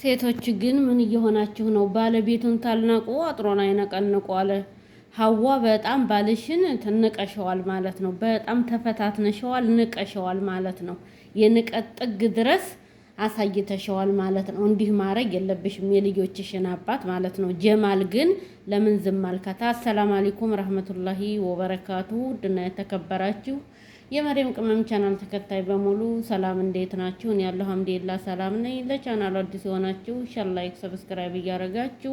ሴቶች ግን ምን እየሆናችሁ ነው? ባለቤቱን ታልናቁ አጥሮን አይነቀንቁ አለ። ሀዋ በጣም ባልሽን ትንቀሸዋል ማለት ነው። በጣም ተፈታትነሸዋል፣ ንቀሸዋል ማለት ነው። የንቀት ጥግ ድረስ አሳይተሸዋል ማለት ነው። እንዲህ ማድረግ የለብሽም የልጆችሽን አባት ማለት ነው። ጀማል ግን ለምን ዝም አልካታ? አሰላም ረህመቱላሂ ወበረካቱ ድና የተከበራችሁ የመሪም ቅመም ቻናል ተከታይ በሙሉ ሰላም እንዴት ናችሁ? እኔ ያለሁ አምዴላ ሰላም ነኝ። ለቻናሉ አዲስ የሆናችሁ ሸር፣ ላይክ፣ ሰብስክራይብ እያደረጋችሁ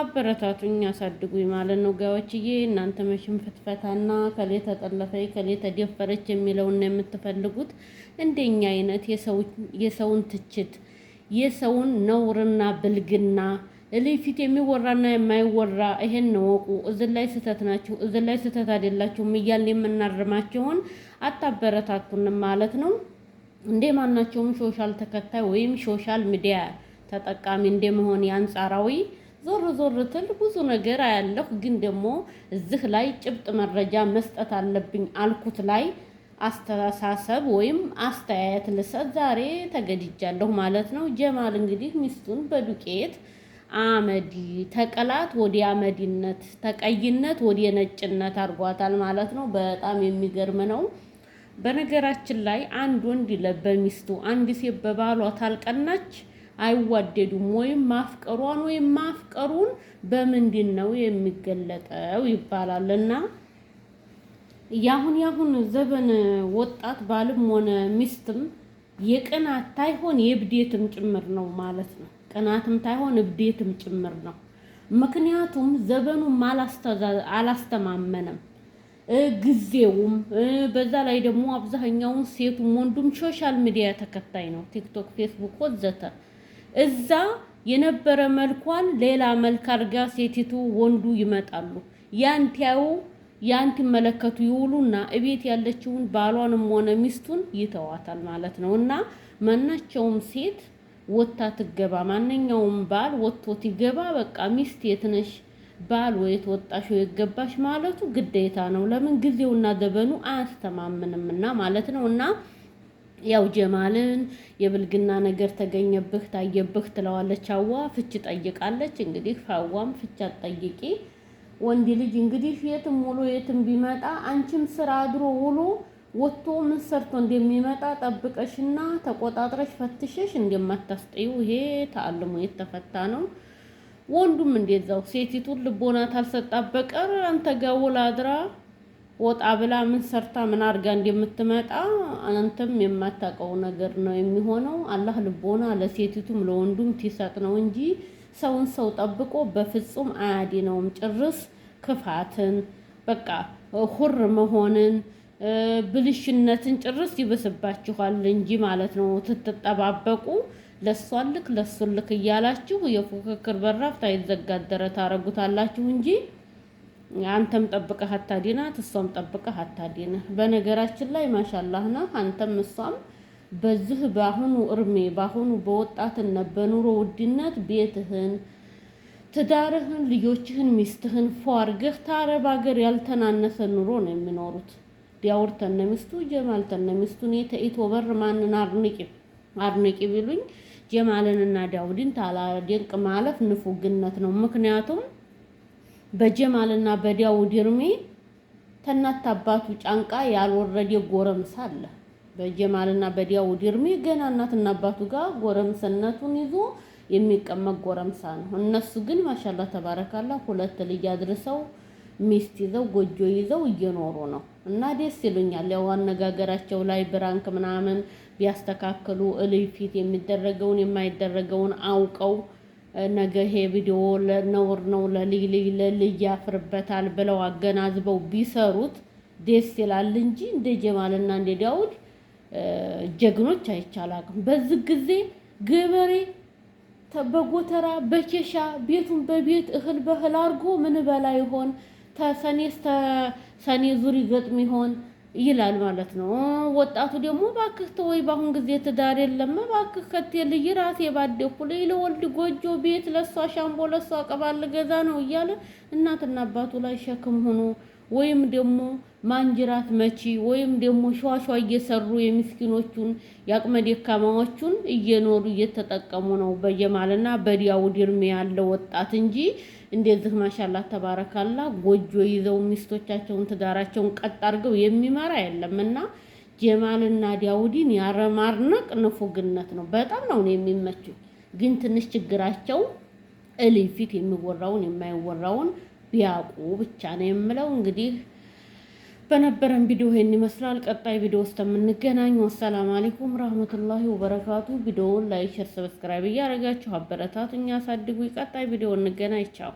አበረታቱኝ አሳድጉኝ ማለት ነው ጋዎችዬ። እናንተ መሽን ፍትፈታና ከሌ ተጠለፈች ከሌ ተደፈረች የሚለውን ነው የምትፈልጉት። እንደኛ አይነት የሰውን ትችት የሰውን ነውርና ብልግና ፊት የሚወራና የማይወራ ይሄን ወቁ። እዚህ ላይ ስህተት ናችሁ፣ እዚህ ላይ ስህተት አይደላችሁም እያልን የምናርማቸውን አታበረታቱን ማለት ነው። እንደ ማናቸውም ሶሻል ተከታይ ወይም ሶሻል ሚዲያ ተጠቃሚ እንደመሆን የአንጻራዊ ዞር ዞር ትል ብዙ ነገር አያለሁ። ግን ደግሞ እዚህ ላይ ጭብጥ መረጃ መስጠት አለብኝ አልኩት ላይ አስተሳሰብ ወይም አስተያየት ልሰጥ ዛሬ ተገድጃለሁ ማለት ነው። ጀማል እንግዲህ ሚስቱን በዱቄት አመዲ ተቀላት ወደ አመዲነት ተቀይነት ወደ ነጭነት አድርጓታል ማለት ነው። በጣም የሚገርም ነው። በነገራችን ላይ አንድ ወንድ ለበሚስቱ አንድ ሴት በባሏ ታልቀናች አይዋደዱም። ወይም ማፍቀሯን ወይም ማፍቀሩን በምንድን ነው የሚገለጠው ይባላል እና ያሁን ዘበን ወጣት ባልም ሆነ ሚስትም የቅናት ሳይሆን የብዴትም ጭምር ነው ማለት ነው። ቅናትም ታይሆን እብዴትም ጭምር ነው። ምክንያቱም ዘበኑም አላስተማመነም፣ ጊዜውም በዛ ላይ ደግሞ አብዛኛውን ሴቱም ወንዱም ሶሻል ሚዲያ ተከታይ ነው። ቲክቶክ፣ ፌስቡክ ወዘተ እዛ የነበረ መልኳን ሌላ መልክ አድርጋ ሴቲቱ ወንዱ ይመጣሉ። ያንቲያው ያንቲ መለከቱ ይውሉና እቤት ያለችውን ባሏንም ሆነ ሚስቱን ይተዋታል ማለት ነው እና ማናቸውም ሴት ወታ ትገባ። ማንኛውም ባል ወጥቶት ይገባ። በቃ ሚስት የት ነሽ ባል ወይት ወጣሽ ወይ ገባሽ ማለቱ ግዴታ ነው። ለምን ጊዜውና ዘበኑ አያስተማምንምና ማለት ነው እና ያው ጀማልን የብልግና ነገር ተገኘብህ ታየብህ ትለዋለች። አዋ ፍች ጠይቃለች። እንግዲህ ፋዋም ፍች አትጠይቂ። ወንድ ልጅ እንግዲህ የትም ውሎ የትም ቢመጣ አንቺም ስራ አድሮ ውሎ ወጥቶ ምን ሰርቶ እንደሚመጣ ጠብቀሽና ተቆጣጥረሽ ፈትሸሽ እንደማታስጠዩ ይሄ ተአልሞ የተፈታ ነው። ወንዱም እንደዛው ሴቲቱን ልቦና ታልሰጣ በቀር አንተ ጋር ውላ አድራ ወጣ ብላ ምን ሰርታ ምን አድርጋ እንደምትመጣ አንተም የማታውቀው ነገር ነው የሚሆነው። አላህ ልቦና ለሴቲቱም ለወንዱም ትሰጥ ነው እንጂ ሰውን ሰው ጠብቆ በፍጹም አያድነውም። ጭርስ ክፋትን፣ በቃ ሁር መሆንን ብልሽነትን ጭርስ ይብስባችኋል እንጂ ማለት ነው። ትትጠባበቁ ለሷልክ ልክ ለሱን እያላችሁ የፉክክር በራፍ አይዘጋደረ ታረጉታላችሁ እንጂ አንተም ጠብቀህ አታዲናት እሷም ጠብቀህ አታዲንህ። በነገራችን ላይ ማሻላህ ነህ አንተም እሷም በዚህ በአሁኑ እርሜ በአሁኑ በወጣትነት በኑሮ ውድነት ቤትህን ትዳርህን ልጆችህን ሚስትህን ፏርገህ ታረብ ሀገር ያልተናነሰ ኑሮ ነው የሚኖሩት። ቢያውር ተነሚስቱ ጀማል ተነሚስቱ እኔ ተኢቶ ወበር ማንን አርንቂ አርንቂ ቢሉኝ ጀማልንና ዳውድን ታላደንቅ ማለት ንፉግነት ነው። ምክንያቱም በጀማልና በዳውድ እርሜ ተናት አባቱ ጫንቃ ያልወረደ ጎረምሳ አለ። በጀማልና በዳውድ እርሜ ገና እናትና አባቱ ጋር ጎረምስነቱን ይዞ የሚቀመጥ ጎረምሳ ነው። እነሱ ግን ማሻላ ተባረካላ ሁለት ልጅ አድርሰው ሚስት ይዘው ጎጆ ይዘው እየኖሩ ነው እና ደስ ይሉኛል። ያው አነጋገራቸው ላይ ብራንክ ምናምን ቢያስተካክሉ እልይ ፊት የሚደረገውን የማይደረገውን አውቀው ነገ ይሄ ቪዲዮ ለነውር ነው ለልይ ልይ ለልይ ያፍርበታል ብለው አገናዝበው ቢሰሩት ደስ ይላል እንጂ እንደ ጀማልና እንደ ዳውድ ጀግኖች አይቻላቅም። በዚህ ጊዜ ገበሬ በጎተራ በኬሻ ቤቱን በቤት እህል በእህል አድርጎ ምን በላ ይሆን? ተሰኔ እስከ ሰኔ ዙር ይገጥም ይሆን ይላል ማለት ነው። ወጣቱ ደግሞ እባክህ ተወይ፣ በአሁን ጊዜ ትዳር የለም እባክህ ከቴልይ ራሴ ባደኩ ላይ ለወልድ ጎጆ ቤት ለሷ ሻምቦ ለሷ ቀባል ገዛ ነው እያለ እናትና አባቱ ላይ ሸክም ሆኖ ወይም ደግሞ ማንጅራት መቺ ወይም ደግሞ ሸዋሸዋ እየሰሩ የሚስኪኖቹን የአቅመ ደካማዎቹን እየኖሩ እየተጠቀሙ ነው በጀማልና በዲያውድ እድሜ ያለው ወጣት እንጂ እንደዚህ ማሻላ ተባረካላ ጎጆ ይዘው ሚስቶቻቸውን ትዳራቸውን ቀጥ አድርገው የሚመራ የለም እና ጀማልና ዲያውዲን ያረማርነቅ ንፉግነት ነው። በጣም ነው የሚመችው። ግን ትንሽ ችግራቸው እልይ ፊት የሚወራውን የማይወራውን ቢያውቁ ብቻ ነው የምለው። እንግዲህ በነበረን ቪዲዮ ይህን ይመስላል። ቀጣይ ቪዲዮ ውስጥ የምንገናኝ። ወሰላም አለይኩም ረህመቱላሂ ወበረካቱ። ቪዲዮውን ላይክ፣ ሸር፣ ሰብስክራይብ እያደረጋችሁ አበረታቱኝ፣ አሳድጉ። ቀጣይ ቪዲዮ እንገናኝ። ቻው